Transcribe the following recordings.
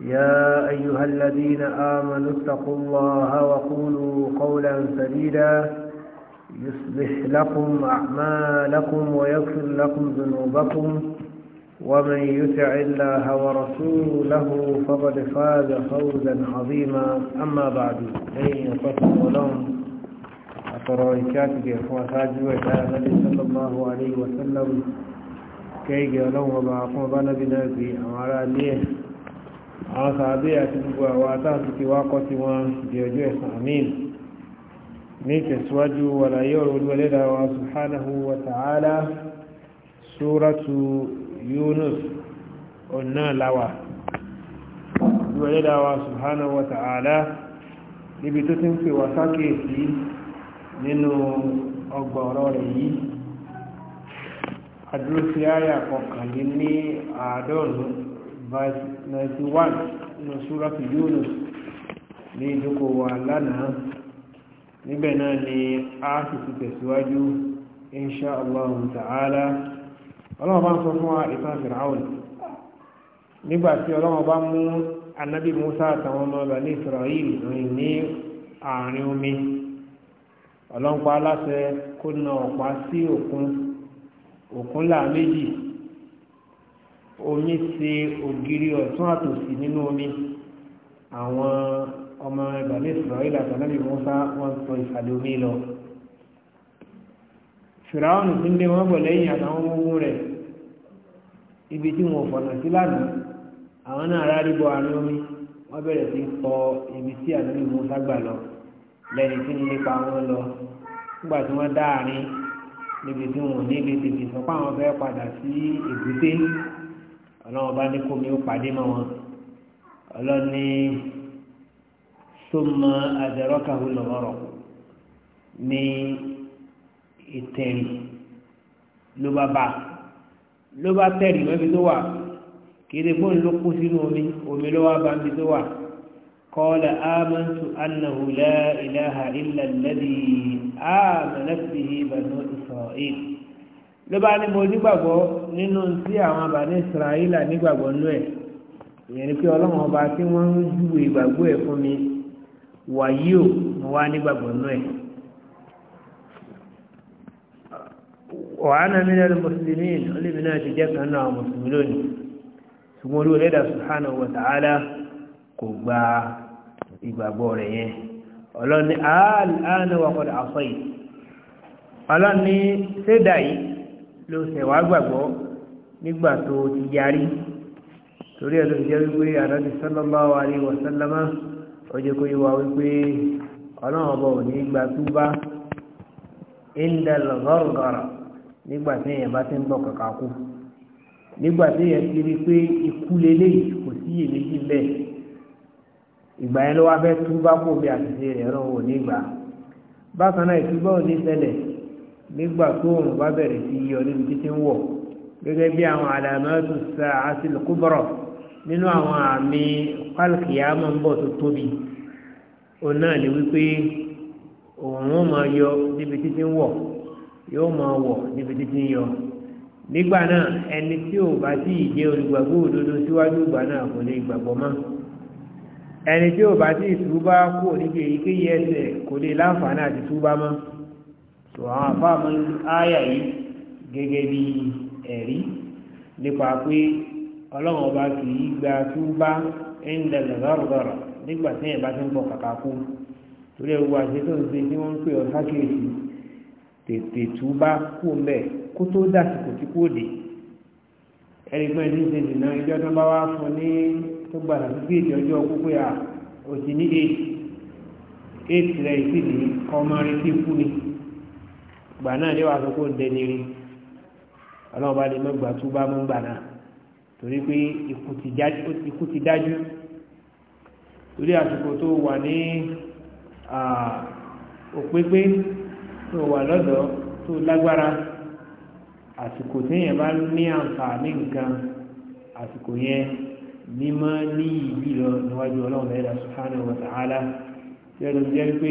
يا أيها الذين آمنوا اتقوا الله وقولوا قولا سديدا يصلح لكم أعمالكم ويغفر لكم ذنوبكم ومن يطع الله ورسوله فقد فاز فوزا عظيما أما بعد أي يصفه لهم أترى كاتب وساجد النبي صلى الله عليه وسلم كي قالوا بنا بنبنا في أمارات àwọn sàábé àti gbogbo àwọn atáàtìkì wá kọ́ tí wọ́n di ọjọ́ ẹ̀sán àmín ní tẹ̀síwájú wàlàyé ọ̀rọ̀ olúwẹ̀lẹ́dà wa subhanahu wa ta'ala suratu yunus ọ̀nà láwà olúwẹ̀lẹ́dà wa subhanahu wa ta'ala níbi tó ti ń pè wá sákèèsí nínú ọgbà ọ̀rọ̀ rẹ̀ yìí adúró sí àyà àádọ́rùn-ún verse 91 nínú súrọ́tù Yunus ní ìdókòwò lánàá níbẹ̀ náà ni a sì ti tẹ̀síwájú insha Allah ta'ala ọlọ́wọ́ bá ń sọ fún wa ìtàn Fir'aun nígbà tí ọlọ́wọ́ mú anabi Musa àtàwọn ọmọ ọba ní Israel rìn ní àárín omi ọlọ́npa aláṣẹ kó na ọ̀pá sí òkun òkun là méjì omi ṣe ògiri ọ̀tún àtòsí nínú omi àwọn ọmọ ìbàlẹ̀ ìsìláìlà àtàlẹ́bí Mùsá wọ́n sọ ìsàlẹ̀ omi lọ fìràwọ̀nù tí ń lé wọn bọ̀ lẹ́yìn àtàwọn ọmọ rẹ̀ ibi tí wọn fọ̀nà sí lánàá àwọn náà rárí bọ àárín omi wọ́n bẹ̀rẹ̀ sí tọ ibi tí àtàlẹ́bí Mùsá gbà lọ lẹ́ni tí ń lépa wọn lọ nígbà tí wọ́n dá àárín níbi tí wọn ò ní ibi tètè sọ pé àwọn fẹ́ padà sí èbúté ọlọ́wọ́n bá ní kó mi ó pàdé mọ́ wọn ọlọ́ni summa adrakahu lọ́rọ̀ ní ìtẹ̀rì ló bá bá ló bá tẹ̀rì mẹ́bi tó wà kéde fóònù ló kú sínú omi omi ló wá bá ń bi tó wà qala amantu annahu la ilaha illa alladhi amanat bihi ló bá ní mo nígbàgbọ́ nínú tí àwọn àbáni israẹla nígbàgbọ́ nú ẹ̀ ìyẹn ni pé ọlọ́run ọba tí wọ́n ń júwe ìgbàgbọ́ ẹ̀ fún mi wàyí ò mo wá nígbàgbọ́ nú ẹ̀. wàhánà mi lẹ́nu mùsùlùmí olèmi náà ti jẹ́ kan náà mùsùlùmí lónìí ṣùgbọ́n olú ẹ̀dá subhanahu wa ta'ala kò gba ìgbàgbọ́ rẹ̀ yẹn ọlọ́ni àánú wa kọ́dà àfọ́ yìí ọlọ́ni ṣẹ́dá yìí ló ṣẹ̀ wá gbàgbọ́ nígbà tó ti yarí torí ẹ̀ ló jẹ́ wípé ànábì sallallahu alaihi wa sallama ó jẹ́ kó yé wa wípé ọlọ́run ọba ò ní gba túbá indal ghargara nígbà tí èèyàn bá ti ń bọ̀ kàkà kú nígbà tí èèyàn ti rí i pé ikú lélẹ́yìí kò sí iyèméjì bẹ́ẹ̀ ìgbà yẹn ló wá fẹ́ túbá kó bí àṣìṣe rẹ̀ ọlọ́run ò gbà bákan náà ìtúbọ̀ ò ní nígbà tó òun bá bẹ̀rẹ̀ sí yọ níbi títí ń wọ̀ gẹ́gẹ́ bí àwọn àlàmọ́tò sa àsìlùkúbọ̀rọ̀ nínú àwọn àmì pálkìyà máa ń bọ̀ tó tóbi òun náà ni wípé òun ó máa yọ níbi títí ń wọ̀ yóò máa wọ̀ níbi títí ń yọ nígbà náà ẹni tí ò bá tí ì jẹ́ olùgbàgbọ́ òdodo síwájú ìgbà náà kò lè gbàgbọ́ mọ́ ẹni tí ò bá tí ì túbá kò níbi èyíkéyìí ẹsẹ̀ kò lè láǹfààní àti túbá mọ́ tó àwọn afáàmọ́ ááyà yìí gẹ́gẹ́ bí ẹ̀rí nípa pé ọlọ́run ọba kì í gba túbá ń dẹ̀lẹ̀ lọ́rọ̀dọ̀rọ̀ nígbà tí ẹ̀ bá ti ń bọ̀ kàkà kú torí ẹ̀ wá ṣe tó ń ṣe tí wọ́n ń pè ọ́ sákèésì tètè túbá kú mbẹ́ kó tó dásìkò tí kò dé ẹni pé ní ṣe dìnnà ẹjọ́ tó bá wá fún ní tó gba sàtúkèétì ọjọ́ púpọ̀ yà ó ní eight eight rẹ̀ sì ní ọmọ rẹ̀ kú ni gbà náà ní wàá sọ́kò ń dẹni rí ọlọ́run bá lè mọ́ gbà túbá mọ́ gbà náà torí pé ikú ti dájú torí àsìkò tó wà ní òpépé tó wà lọ́dọ̀ tó lágbára àsìkò téèyàn bá ní àǹfààní nǹkan àsìkò yẹn mímọ́ ní ìbí lọ níwájú ọlọ́run ẹ̀dá subhanahu wa ta'ala yẹ́n ló jẹ́ pé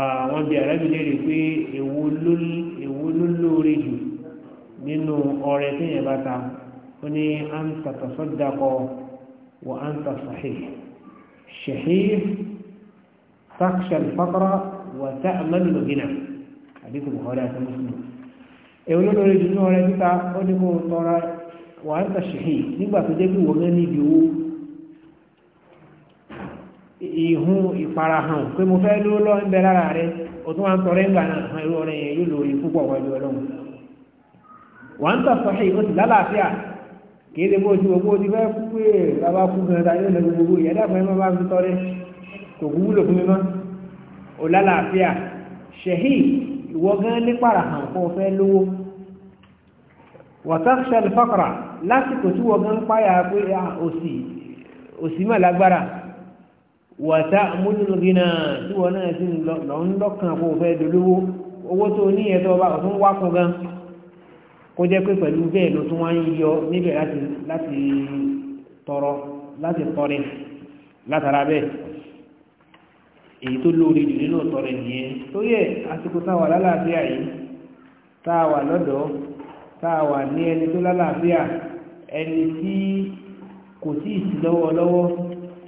àwọn bíi àrẹ́bí léèrè pé èwo ló lóore jù nínú ọrẹ téèyàn bá ta ó ní à ń tàtàsọ́dàkọ wà á ń tàṣàhì ṣèhí takshal fakra wà tá àmàlù lògìnà àdínkù buhari àti mùsùlùmí èwo ló lóore jù nínú ọrẹ títa ó ní kó tọrọ wà á ń tàṣàhì nígbà tó jẹ́ pé wọ́n ní ibi ìhun ìfarahàn pé mo fẹ́ ló lọ́ ń bẹ lára rẹ o tún wá ń tọrẹ ńgbà náà irú yẹn yóò wájú ọlọ́run wọ́n tọ̀ sọ́hìn ó sì lálàáfíà lè ti fẹ́ kú pé bàbá kú gan ta yóò lọ gbogbo ẹ má bá fi tọrẹ kò kú wúlò fún mi mọ́ lálàáfíà ìwọ gan ní parahàn kó o fẹ́ lówó fọ́kàrà lásìkò tí wọ́n gan wàtá múlùmíná tí wọn náà sì lọ ń lọ́kàn kó fẹ́ dolówó owó tó ní ẹ̀tọ́ ọba ọ̀tún wá kún gan kó jẹ́ pé pẹ̀lú bẹ́ẹ̀ ló tún wá ń yọ níbẹ̀ láti tọrọ láti tọrẹ látara bẹ́ẹ̀ èyí tó lórí jù nínú tọrẹ nìyẹn tó yẹ àsìkò táwà lálàáfíà yìí táwà lọ́dọ̀ táwà ní ẹni tó lálàáfíà ẹni tí kò sí ìsìlọ́wọ́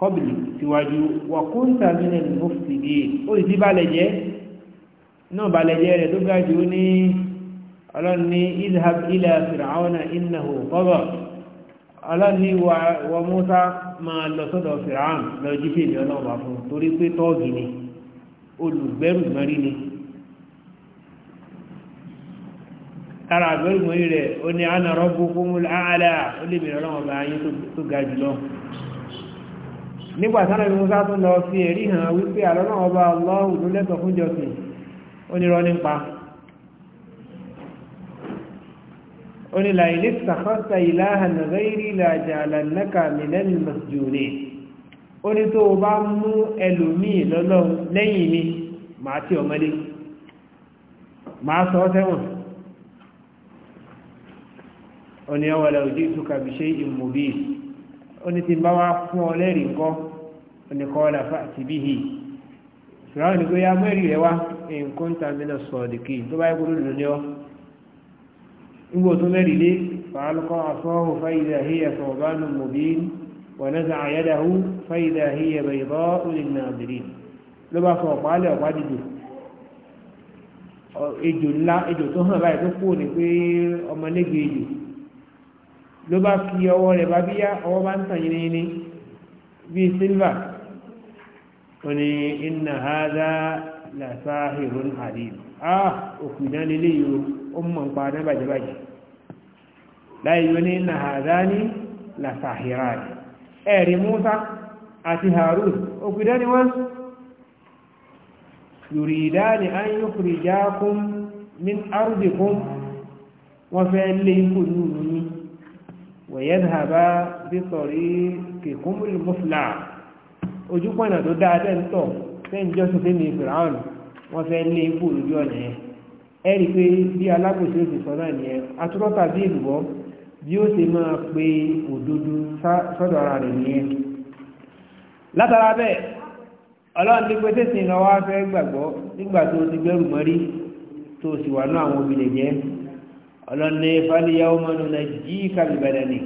kọ́bìlì síwájú wà kó ń sàmìnà ìmúfìdí ó sì balẹ̀ jẹ́ náà balẹ̀ jẹ́ rẹ̀ tó ga jù ní ọlọ́run ní izhab ila fir'auna innahu tagha ọlọ́run ní wà Mùsá máa lọ sọ́dọ̀ fir'aun lọ jí fèmí ọlọ́run bá fún torí pé tọ́ọ̀gì ni nígbà tánà bí musa tún lọ fi èrí hàn wípé àlọ́nà ọba ọlọ́hùn ló lẹ́tọ̀ fún jọsìn onírọ́ nípa onílà ilé sàkọ́sà ìlàhà nàzẹ́rí ìlàjà àlànàkà mìlẹ́nì masjúrí ó ní tó bá mú ẹlòmíì lọ́lọ́run lẹ́yìn mi máa tí ọmọlé máa sọ tẹ́wọ̀n ti bá wá fún ọ lẹ́rìí nǹkan oníkọ́ọ́lá fàtí bí hì ṣùgbọ́n ní gbéyà mẹ́rin rẹ̀ wá nǹkan tàbínà sọ̀dìkì tó bá ikú lónìí ni ọ́ nígbò tó mẹ́rin lé fàálùkọ́ asọ́hù fáyidà híyà sọ̀bánu mòbín wọ̀nà sàn àyádàhù fáyidà híyà bẹ̀yìbọ́ olùnà àbìrí ló bá fọ ọ̀pálẹ̀ ọ̀pá dìbò ejò ńlá ejò tó hàn báyìí tó kú ní pé ọmọ nígbè ejò ló bá fi ọwọ́ rẹ̀ bá bíyá ọwọ́ bá ń tàn yínyín bí silver ó ní inna hadha la sahirun alim ah òkú ìdánilé yìí ó mọ̀ ń pa náà bàjẹ́bàjẹ́ láyé yóò ní inna hadha ní la sahirani ẹ̀rí Musa àti Harun òkú ìdáni wọn yuridani an yukhrijakum min ardikum wọ́n fẹ́ lé ikú nínú yìí wa yadhhaba bi tariqikumul ojúpọ̀nà tó dáa tẹ́ǹtọ̀ tẹ́ǹjọ́ sọ fẹ́ mi fìràhàn wọ́n fẹ́ lé ikú lójú ọ̀nà yẹn ẹ rí i pé bí alákòóso ti sọ náà nìyẹn atúrọ́tà bí ìlúbọ́ bí ó ṣe máa pe òdodo sọ́dọ̀ ara rẹ̀ nìyẹn látara bẹ́ẹ̀ ọlọ́run ní pé tẹ̀sìn lọ wá fẹ́ gbàgbọ́ nígbà tó ti gbẹ́rù mọ́rí tó sì wà náà àwọn obìnrin jẹ́ ọlọ́run ní fàlíyà ọmọnù náà jí kàbíbẹ̀rẹ̀ nì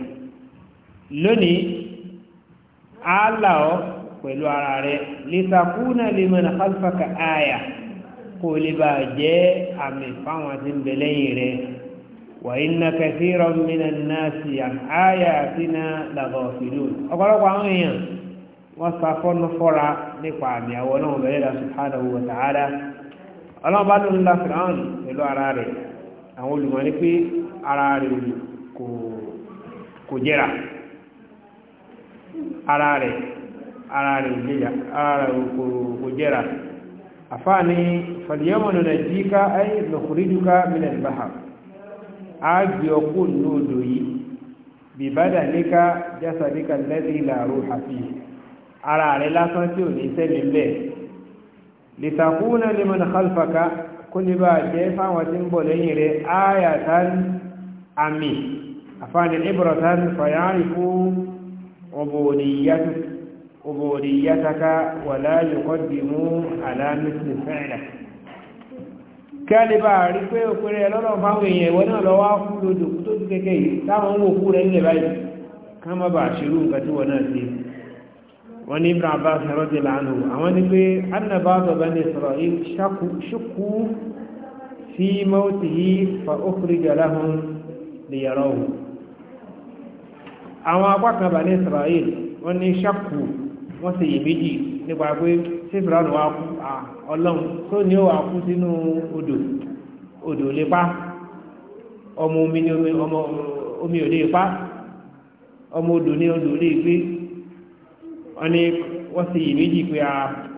lónìí á ọ́ pẹ̀lú ara rẹ̀ litakuna liman khalfaka aya kó lè bá jẹ́ àmì fáwọn tí ń bẹ lẹ́yìn rẹ̀ wa inna kathiran minan nasi an ayatina la ghafilun ọ̀pọ̀lọpọ̀ àwọn èèyàn wọ́n sa fọ́nú fọ́ra nípa àmì àwọn náà ara rẹ̀ ara rẹ̀ ìléyà ara rẹ̀ kò jẹ́ra àfáà ni fàdíyàmọ̀nà nàìjíríkà ayé lọ́kùnrídùká mílẹ̀ ìbáhà á gbé ọkú nínú odò yìí bìbádà níka jásàdíkà lẹ́dí làárò àfi ara rẹ̀ lásán tí ò ní sẹ́mi bẹ́ẹ̀ lìtàkùnà liman khalfaka kó lè bá jẹ́ fáwọn tí ń bọ̀ lẹ́yìn rẹ̀ áyàtán àmì àfáà ni ibratan fàyàrìfú ọbọ̀ òdìyàtú عبوديتك ولا يقدموا على مثل فعلك kẹ́lẹ̀ bá rí pé òpèrè ẹlọ́nà fáwọn èèyàn ìwọ náà lọ́wọ́ fún lójú tó ti kéèkéè yìí táwọn ohun òkú rẹ̀ nílẹ̀ báyìí ká má bàa ṣerú nǹkan tí wọ́n náà ti wọ́n ní ibn abbas rọ́dì lánà àwọn ní pé annaba bàbá ní sọ̀rọ̀ ṣukú sí mọ́tì yìí fa ókùnrin jọláhùn lè yàrá òun àwọn apá kan bà ní sọ̀rọ̀ yìí wọ́n ní ṣakù wọ́n ṣe iyèméjì nípa pé ṣé fìlànà wa kú ọlọ́run tó ní ó wà kú sínú odò odò lè pa ọmọ omi ni ọmọ omi ò lè pa ọmọ odò ni odò lè gbé wọ́n ní wọ́n ṣe iyèméjì pé a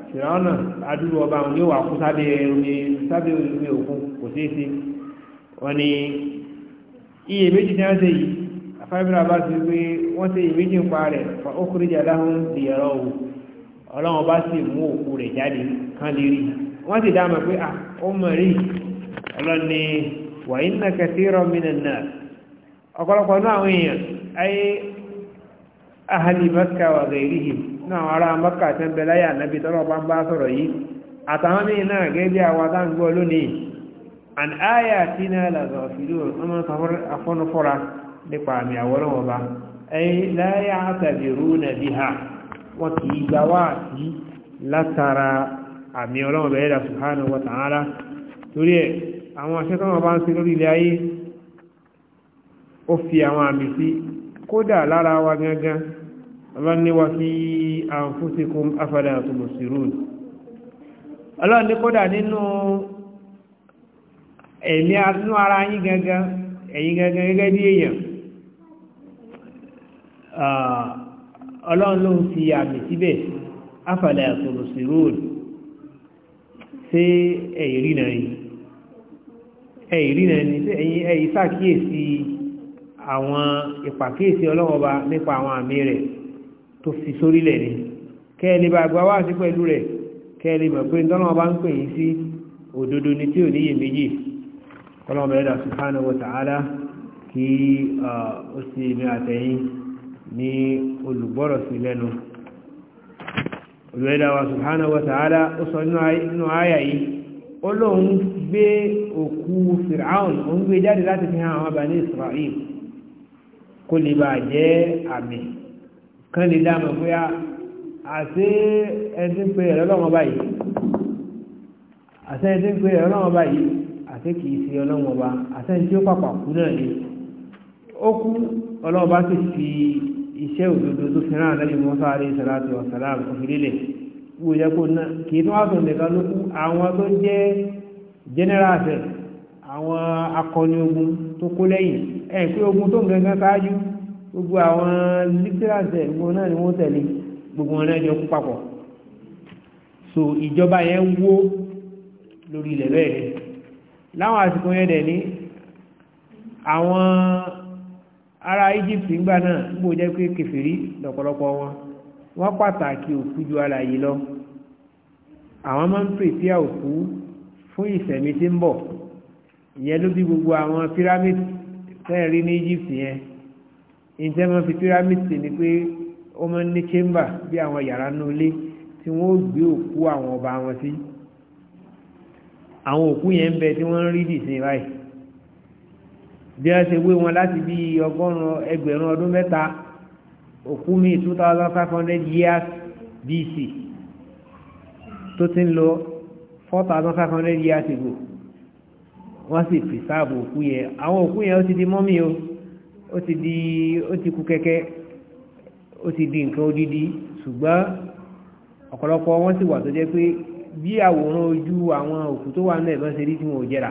fìlànà adúlù ọba òun yóò wà kú sábẹ́ omi sábẹ́ omi òkun kò ṣeé ṣe wọ́n ní iyèméjì tí wọ́n ṣe yìí afẹ́bìnrin àbá ti pé wọ́n ṣe ìméjì ń pa rẹ̀ fa ókúrìjà láhùn di ẹ̀rọ òwò ọlọ́run bá sì mú òkú rẹ̀ jáde kan lè rí wọ́n sì dáàmà pé à ah, ó mọ̀ rí ọlọ́ni wa inna kathiran minan nas ọ̀pọ̀lọpọ̀ náà àwọn èèyàn ayé ahali Makka wa ghayrihim náà àwọn ará Makka tẹ́ ń bẹ láyé ànábì tọ́lọ́ bá ń bá sọ̀rọ̀ yìí àtàwọn míì náà gẹ́gẹ́ bí àwọn adáǹgbọ́ lónìí an ayatina la ghafilun wọ́n máa afọ́nufọ́ra nípa àmì ọba bá ẹ̀yìn láyé àtàbírú nàbí ha wọ́n kì gba gbà wá sí látara àmì ọlọ́wọ́ bẹ̀rẹ̀ dà subhanahu torí ẹ̀ àwọn aṣẹ́kọ̀ọ́ bá ń ṣe lórí ilé ó fi àwọn àmì sí kódà lára wa gangan fi gẹ́gẹ́ bí èèyàn Ah, ọlọ́run ló ń fi àmì síbẹ̀ afàlẹ̀ àtọ̀rọ̀ sí róòlù ṣé ẹ̀yìn rí náà yìí ẹ̀yìn rí náà ni ẹ̀yìn ẹ̀yìn ṣàkíyèsí àwọn ìpàkíyèsí ọlọ́wọ́ba nípa àwọn àmì rẹ̀ tó fi sórílẹ̀ ni kẹ́ẹ̀lì bá gba wáàsí pẹ̀lú rẹ̀ kẹ́ẹ̀lì mọ̀ pé tọ́lọ́wọ́ bá ń pè yín sí òdodo ni tí ò níyè méjì kọ́lọ́wọ́ bẹ̀rẹ̀ subhanahu wa ta'ala kí ah, ó sì mi ní olùgbọ́rọ̀ sí lẹ́nu olùwẹ́dáwà subhanahu wa ta'ala ó sọ nínú àyà yìí ó lóun gbé òkú fir'aun òun gbé jáde láti fi hàn àwọn bani israel kó lè bá jẹ́ àmì kan lè dámọ̀ pé àti ẹni pé ẹ̀rọ lọ́wọ́ báyìí àti ẹni pé ẹ̀rọ lọ́wọ́ báyìí àti kìí sí ọlọ́wọ́ bá àti ẹni tí ó pàpà kú náà ni ó kú ọlọ́wọ́ bá sì fi iṣẹ́ òdodo tó fẹ́ràn lẹ́yìn mọ́sá àrí ìṣẹ́láti ọ̀sàlám òfìlélẹ̀ wò yẹ kó ná kì í tún wáṣọ nìkan ló kú àwọn tó jẹ́ generals àwọn akọni ogun tó kó lẹ́yìn ẹ̀ pé ogun tó ń gangan ṣáájú gbogbo àwọn lecturers gbogbo náà ni wọ́n tẹ̀lé gbogbo wọn náà jọ kú papọ̀ so ìjọba yẹn wó lórí ilẹ̀ bẹ́ẹ̀ láwọn àsìkò yẹn dẹ̀ ní àwọn ara Egypt ńgbà náà gbò jẹ́ pé kẹfìrí lọ́pọ̀lọpọ̀ wọn wọ́n pàtàkì òkú ju ara yìí lọ àwọn máa ń pèsè òkú fún ìsẹ̀mí tí ń bọ̀ ìyẹn ló bí gbogbo àwọn pyramid tẹ́ẹ̀rí ní Egypt yẹn ìjẹ́ fi pyramid sí ni pé ó máa ń ní chamber bí àwọn yàrá nínú ilé tí wọ́n ó gbé òkú àwọn ọba wọn sí àwọn òkú yẹn ń bẹ tí wọ́n ń rí dì sí báyìí bí wọ́n ṣe wé wọn láti bí ọgọ́rùn-ún ẹgbẹ̀rún ọdún mẹ́ta òkú mi two thousand five hundred years BC tó ti ń lọ four thousand five hundred years ago wọ́n sì pìsáàbù òkú yẹn àwọn òkú yẹn ó ti di mọ́mí o ó ti di ó ti kú kẹ́kẹ́ ó ti di nǹkan odidi ṣùgbọ́n ọ̀pọ̀lọpọ̀ wọn sì wà tó jẹ́ pé bí àwòrán ojú àwọn òkú tó wà náà lọ́sẹ̀ rí tí wọn ò jẹrà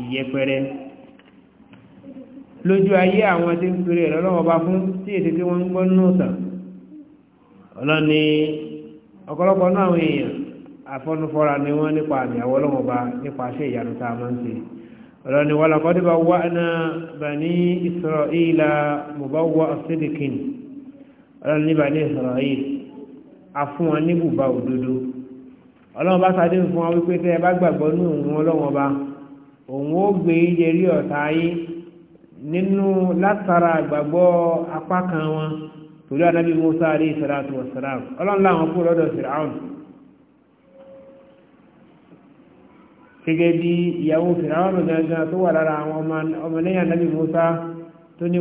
ìyẹpẹrẹ lójú ayé àwọn tí ń pèrè ìrọ̀lọ́wọ́ bá fún tí èdè tí wọ́n ń gbọ́ nínú ìtàn ọlọ́ni ọ̀pọ̀lọpọ̀ náà àwọn èèyàn àfọ́nufọ́ra ni wọ́n nípa àmì àwọn ọlọ́wọ́ bá nípa aṣẹ́ ìyanu tá a máa ń ṣe ọlọ́ni wà lọ́kọ́ tí bá wà náà bani Israila mo bá wà ọ̀sídìkìn ọlọ́ni bani Israil afún wọn ní bùbá òdodo ọlọ́wọ́ bá sáadé fún wọn wípé tẹ́ ẹ bá gbàgbọ́ nínú òun ọlọ́wọ́ bá òun ó gbé yẹrí ọ̀tá ayé nínú látara àgbàgbọ́ apá kan wọn torí Musa alayhi salatu wa salam ọlọ́run láwọn kú lọ́dọ̀ Fir'aun gẹ́gẹ́ bí ìyàwó Fir'aun gangan tó wà lára àwọn ọmọlẹ́yìn anábì Musa tó ní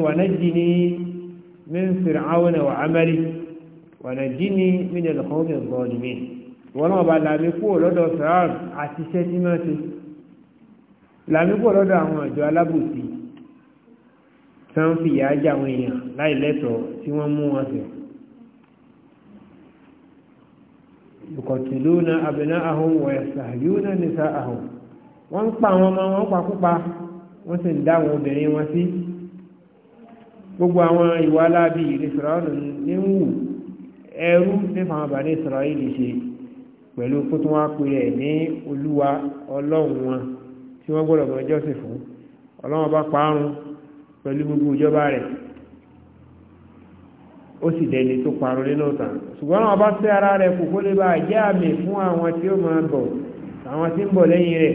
min wa amali wanajjini min al-qawmi adh-dhalimin wọ́n náà bá làmí kú lọ́dọ̀ Fir'aun àti iṣẹ́ tí làmì pọ̀ lọ́dọ̀ àwọn àjọ alábòsí tí wọ́n fi ìyà jẹ àwọn èèyàn láì lẹ́tọ̀ọ́ tí wọ́n mú wọn sẹ̀. yuqatiluna abna'ahum wa yastahyuna nisa'ahum wọ́n ń pa àwọn ọmọ wọn pakúpa wọ́n sì ń dá àwọn obìnrin wọn sí gbogbo àwọn ìwà aláàbí ìrìsìráàlù ní wù ẹrú nípa àwọn àbáni ìsìráàlù ṣe pẹ̀lú kó tó wá pè ẹ̀ ní olúwa ọlọ́run wọn tí wọ́n gbọ́dọ̀ mọ̀ jọ́sìn fún ọlọ́wọ́n bá parun pẹ̀lú gbogbo ìjọba rẹ̀ ó sì dẹni tó parun nínú ìtàn ṣùgbọ́n àwọn bá fẹ́ ara rẹ̀ kò kó lè bá jẹ́ àmì fún àwọn tí ó máa bọ̀ àwọn tí ń bọ̀ lẹ́yìn rẹ̀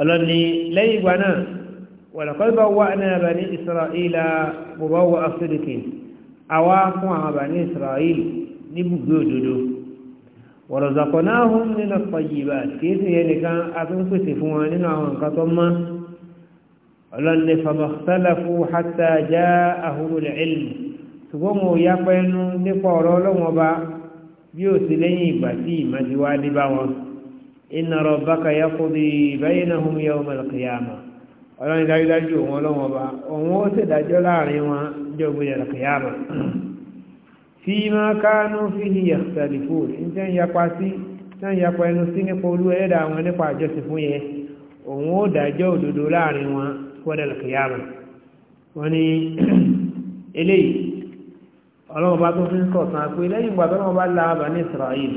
ọlọ́ni lẹ́yìn ìgbà náà walaqad bawwa'na bani Isra'ila mubawwa'a sidqin àwa fún àwọn bani Isra'il ورزقناهم من الطيبات كيف يعني كان أبنكس فوانين عن قطمة ولن فما اختلفوا حتى جاءهم العلم سقوموا يقينوا نقروا لهم وبا بيوسلين باتي مجوال باوا إن ربك يقضي بينهم يوم القيامة ولن لا يدجوا ولهم وبا وموت دجوا لعنوا جوم القيامة fi ma kánú fi hì yàtàlìfò ní tẹ́ ń yapa sí tẹ́ ń yapa ẹnu sí nípa olú ẹ̀dà àwọn nípa àjọsìn fún yẹ òun ó dájọ́ òdodo láàrin wọn fọ́dẹ̀ lọ́kìyàmù wọ́n ní eléyìí ọlọ́run bá tó fi ń sọ̀tàn pé lẹ́yìn ìgbà tó lọ́wọ́ bá la Bani Israel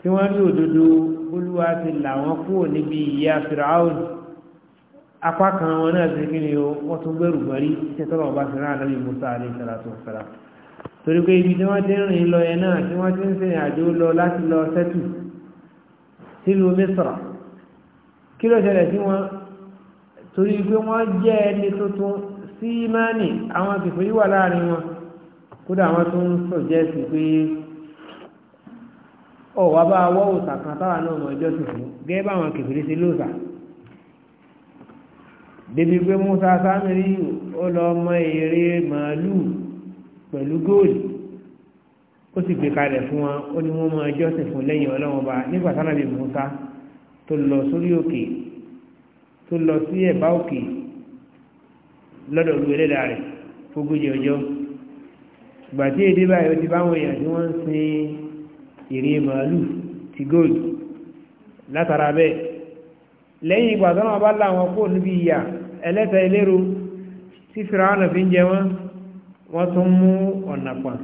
tí wọ́n rí òdodo olúwa ti là wọ́n kúrò níbi ìyá Firaun apá kan wọn náà ti kí ni wọ́n tún gbẹ̀rù gbẹ̀rí tí tọ́lọ́wọ́ bá ti torí pé ibi tí wọ́n ti ń rìn lọ yẹn náà tí wọ́n ti ń sìn àjò lọ láti lọ sẹ́tù sílùú mísọ̀rọ̀ kí ló ṣẹlẹ̀ sí wọn torí pé wọ́n jẹ́ ẹni tuntun sí mánì àwọn kìfìrí wà láàrin wọn kódà wọn tún sọ̀jẹ́ sí pé ọ̀wá bá wọ́ òòsà kan táwa náà mọ̀ ẹjọ́ sì gẹ́gẹ́ bá àwọn kìfìrí sí lóòsà débi pé Musa Sámírì ó lọ mọ èrè màálùú pẹ̀lú góòlù ó sì gbé kalẹ̀ fún wọn ó ní wọ́n máa jọ́sìn fún lẹ́yìn ọlọ́run ọba nígbà tánàbí Musa tó lọ sórí òkè tó lọ sí ẹ̀bá òkè lọ́dọ̀ lu ẹlẹ́dà rẹ̀ fógójì ọjọ́ ìgbà tí èdè báyìí ó ti báwọn èèyàn tí wọ́n ń sin ìrì màálù ti góòlù látara bẹ́ẹ̀ lẹ́yìn ìgbà tánàbá láwọn kó níbi ìyà ẹlẹ́ta tí fìràwọ̀n fi jẹ wọ́n wọ́n tún mú ọ̀nà pọ̀n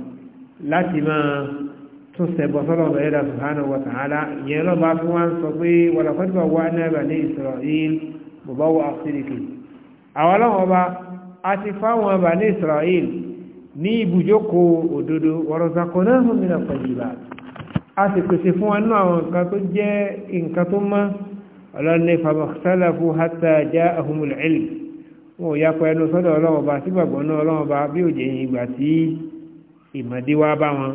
láti máa tún sẹ̀bọ sọ́dọ̀ ọ̀bẹ̀ yẹ́dà subhanahu wa ta'ala ìyẹn lọ́ba fún wa ń sọ pé walaqad bawwa'na bani Isra'il mubawwa'a sidqi àwọn ọlọ́wọ́n ọba a ti fáwọn bani Isra'il ní ibùjókòó òdodo wa razaqnahum min wọn ò yapa ẹnu sọ́dọ̀ ọlọ́wọ́ bá sí gbàgbọ́ náà ọlọ́wọ́ bá bí òjè yìí ìgbà tí ìmọ̀dé wá bá wọn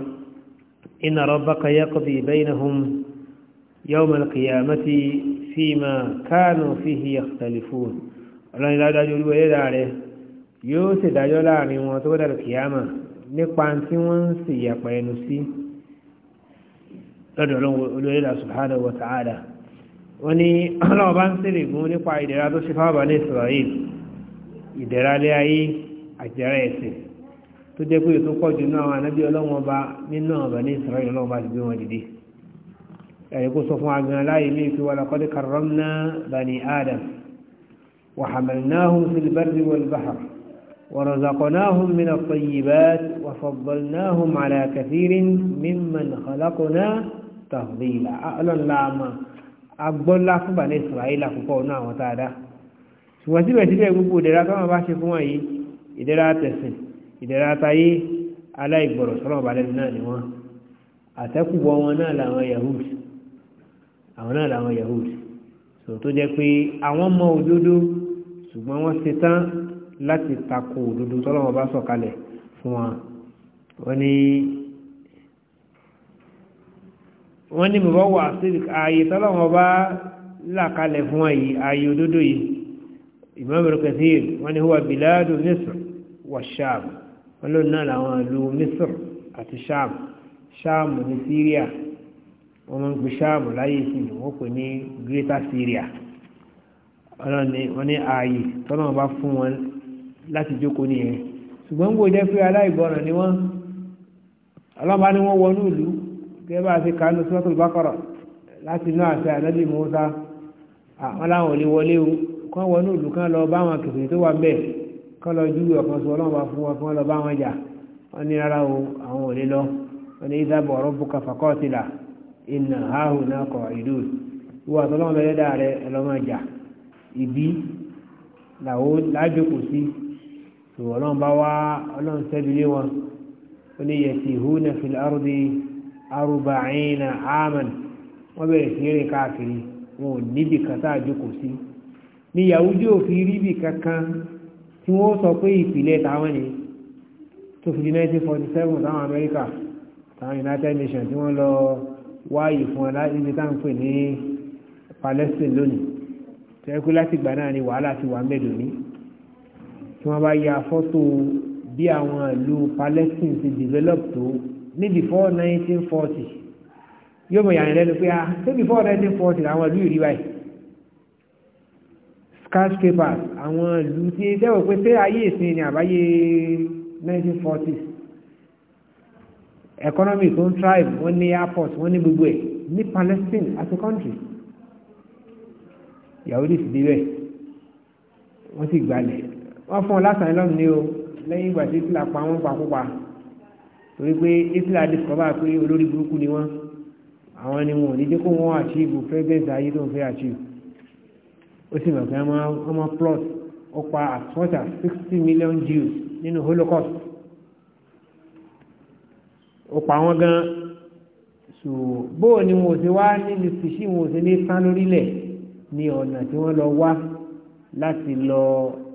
inna rabbaka yaqdi baynahum yawma al-qiyamati fima kanu fihi yakhtalifun ọlọ́ni dájọ́ olúwa ẹ̀dá rẹ̀ yóò ṣèdájọ́ láàrin wọn tó dàrú kìyàmà nípa tí wọ́n ń sì yapa ẹnu sí lọ́dọ̀ olúwa ẹ̀dá subhanahu wa wọ́n ní ọlọ́wọ́ bá ń ìdẹ̀rálé ayé àjẹrẹ ẹ̀sìn tó jẹ́ pé ètò pọ̀jù náà àwọn anábí ọlọ́wọ́n bá nínú ọ̀bà ní ìsìnrẹ́yìn ọlọ́wọ́n bá ti gbé wọn dìde ẹ̀rí kó sọ fún agan láyé ní ìfi wọn lọ́kọ́dé karramna bani adam wa hamalnahum fil barri wal bahr wa razaqnahum ṣùgbọ́n síbẹ̀síbẹ̀ gbogbo ìdẹ̀ra tọ́wọ́n bá ṣe fún wọn yìí ìdẹ̀ra tẹ̀sìn ìdẹ̀ra tayé aláìgbọ̀rọ̀ sọ́rọ̀ balẹ̀ náà ni wọ́n àtẹ́kùbọ̀ wọn náà làwọn yahud àwọn náà làwọn yahud sọ tó jẹ́ pé àwọn mọ òdodo ṣùgbọ́n wọ́n ṣe tán láti tako òdodo tọ́lọ́wọ́n bá sọ̀kalẹ̀ fún wọn wọ́n ní wọ́n ní bàbá wà sí ààyè tọ́lọ́wọ́n bá là kalẹ̀ fún wọn yìí ààyè òdodo yìí Imam al-Kathir wọ́n ní huwa biladu Misr wa Sham wọ́n ló náà làwọn ìlú Misr àti Sham Sham ní Syria wọ́n máa ń gbé Sham láyé sí ni wọ́n pè ní Greater Syria wọ́n ní ààyè tọ́nà bá fún wọn láti jókòó nìyẹn ṣùgbọ́n gbòó jẹ́ pé aláìgbọràn ni wọ́n ọlọ́mọba ni wọ́n wọnú ìlú gẹ́gẹ́ bá a ti kà á ní láti náà àti ànábì Mùsá àwọn làwọn ò wọlé o kán wọnú ìlú kán lọ bá wọn kìfì tó wà bẹ́ẹ̀ kán lọ ju ọ̀kan sọ ọlọ́run bá fún wọn kán lọ bá wọn jà wọn ní rárá o àwọn ò lè lọ wọn ní ìdábọ̀ ọ̀rọ̀ bùkà fàkọ́ọ̀tìlà ìnà áhù náà kọ̀ ìlú ìwọ àtọ́lọ́run bẹ́ẹ̀ dá rẹ ẹlọ́mọ jà ìbí làwọn lájòkó sí ọlọ́run bá wá ọlọ́run sẹ́bílé wọn ó ní yẹtì húnà fìlà àrùbí àrùbáyìn àmàn wọ́n bẹ̀rẹ̀ sí ni yahudi ò fi rí bì kankan tí wọ́n sọ pé ìpìlẹ̀ táwọn ni tó fi di 1947 táwọn Amẹ́ríkà táwọn United Nations tí wọ́n lọ wáyé fún wọn láti ibi táwọn pè ní Palestine lónìí tó yẹ pé láti ìgbà náà ni wàhálà ti wà mẹ́lòó ní tí wọ́n bá ya fọ́tò bí àwọn ìlú Palestine ti develop tó ní before 1940 yóò mọ̀ yàrá lẹ́nu pé ah ṣé before 1940 àwọn ìlú yìí rí báyìí skyscrapers àwọn ìlú tí sẹ́wọ̀n pé ṣé ayé ìsìn ni àbáyé 1940s economy tó ń thrive wọ́n ní airport wọ́n ní gbogbo ẹ̀ ní Palestine as a country Yahudi sì débẹ̀ wọ́n sì gbalẹ̀ wọ́n fún ọ lásán lọ́nà ní o lẹ́yìn ìgbà tí Hitler pa wọ́n pakópa torí pé Hitler discover pé olórí burúkú ni wọ́n àwọn ni wọn ò ní jẹ́ kó wọ́n achieve president ayé tó ń fẹ́ achieve ó sì mọ̀ pé wọ́n máa plot ó pa as much as sixty million Jews nínú Holocaust ó pa wọ́n gan so bóò ni wọn ò ṣe wá níbi fìṣí wọn ò ṣe ní tán lórílẹ̀ ní ọ̀nà tí wọ́n lọ wá láti lọ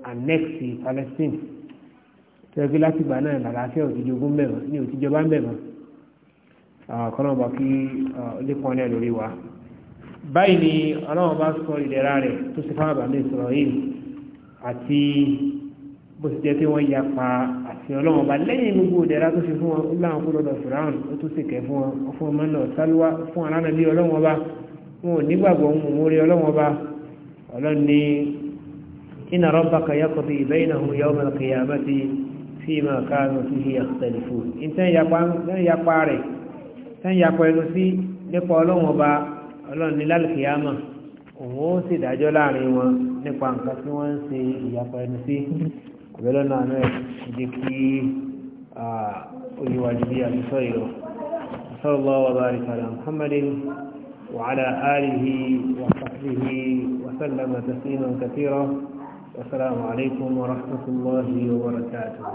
annexe Palestine tẹ́gbẹ́ láti gbà náà làlàáfíà òtijọ́gún mẹ́wàá ní òtijọba mẹ́wàá kọ́nà bá kí ó lè pọ́n náà lórí wa báyìí ni ọlọ́wọ́ bá sọ ìdẹ̀ra rẹ̀ tó sì fáwọn àbàlẹ̀ Ísírẹ́lì àti bó ti jẹ́ pé wọ́n ya pa àti ọlọ́wọ́ bá lẹ́yìn gbogbo ìdẹ̀ra tó ṣe fún wọn ó láwọn kó lọ́dọ̀ fìràn ó tún sì kẹ́ fún wọn ó fún ọmọ náà sálúwá fún aláàánú bí ọlọ́wọ́ bá wọn ò nígbàgbọ́ ohun òun ọlọ́wọ́ bá ọlọ́run ní inna rabbaka yaqdi baynahum yawma al-qiyamati fima kanu fihi yakhtalifun ìtẹ́ ìyapa rẹ̀ ìtẹ́ ẹnu sí nípa ọlọ́wọ́ bá ọlọ́run ní lálùkìyàmà òun ó sì dájọ́ láàrin wọn nípa nǹkan tí wọ́n ń ṣe ìyàpọ̀ ẹnu sí ìbẹ́lẹ́ náà náà jẹ́ kí olùwàjú bí àtúntò ìrọ̀ sọ́lọ́ ọba àríkàlà muhammadin وعلى آله وصحبه وسلم تسليما كثيرا والسلام عليكم ورحمة الله وبركاته